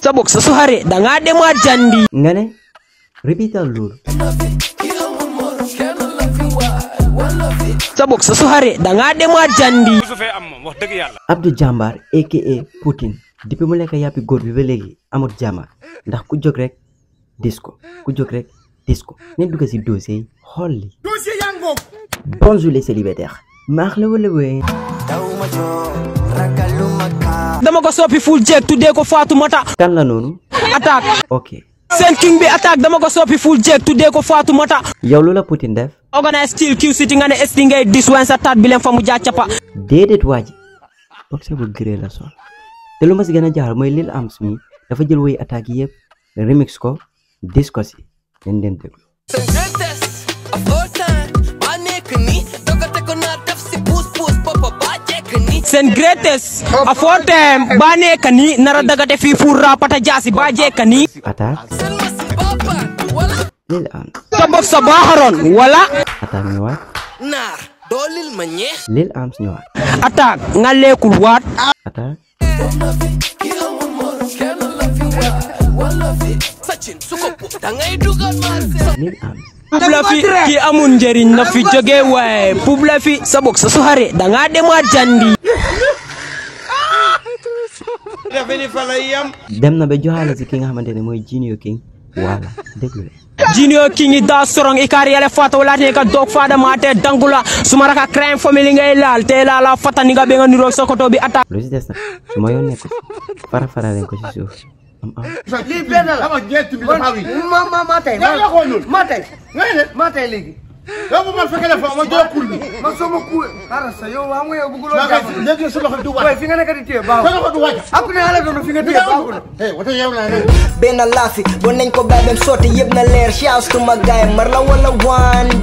sa boksa su hare da nga de ma jandi ngane ribita lur sa boksa su hare da nga de ma jandi Abdou Jambar aka Poutine depuis mu lekk yàppi góor bi ba léegi amut jàmm ndax ku jog rek dis ko ku jóg rek dis ko ngeen dugg si dossier yi xool li maax la dama ko soppi full jeeg tuddee ko mata kan la noonu attack ok sen king bi attack dama ko soppi full jeeg tuddee ko mata yow lula putin def organize style kiw city nga esti ngay dis sa bi len famu mu pa dedet waji boxe bu gré la sol te lu ma si gën a jaaxal Lil am smi dafa jël way attack yeb remix ko dis ko den leen leen déglu den greatest a all time bane kani nara dagate fi furra pata jasi baje kani ata tabok sabaharon wala ata mi wa na dolil manye lil arms ni wa ata ngale kul wat ata lil arms Publafi ki amun jeriñ na fi joge pulafi sabok sa boksa su dema jandi dafa ni yam dem na be joxaale ci ki nga xamantene moy Junior King voilà déglu junior king da sorong ikari ele fata wala ni ka dog fada mate dangula suma raka crime family ngay lal te la la fata ni nga be nga niro sokoto bi atta lu ci dess na suma yon nek para para len ko ci suuf am am li benn la ma ñett mi dafa wi mama matay matay tay ma tay ma legi yow bu ma fekk la fa ma jox ma soog ma arasa yow waa mu yow bëgguloo jàmm. léegi su ma ko du wàcc. fi nga nekk di téye ko du wàcc. ak ne ala doon fi nga téye baaxul. eh wata yow laa rek. benn laafi bon nañ leer chance tu ma gaay mar la wala waan.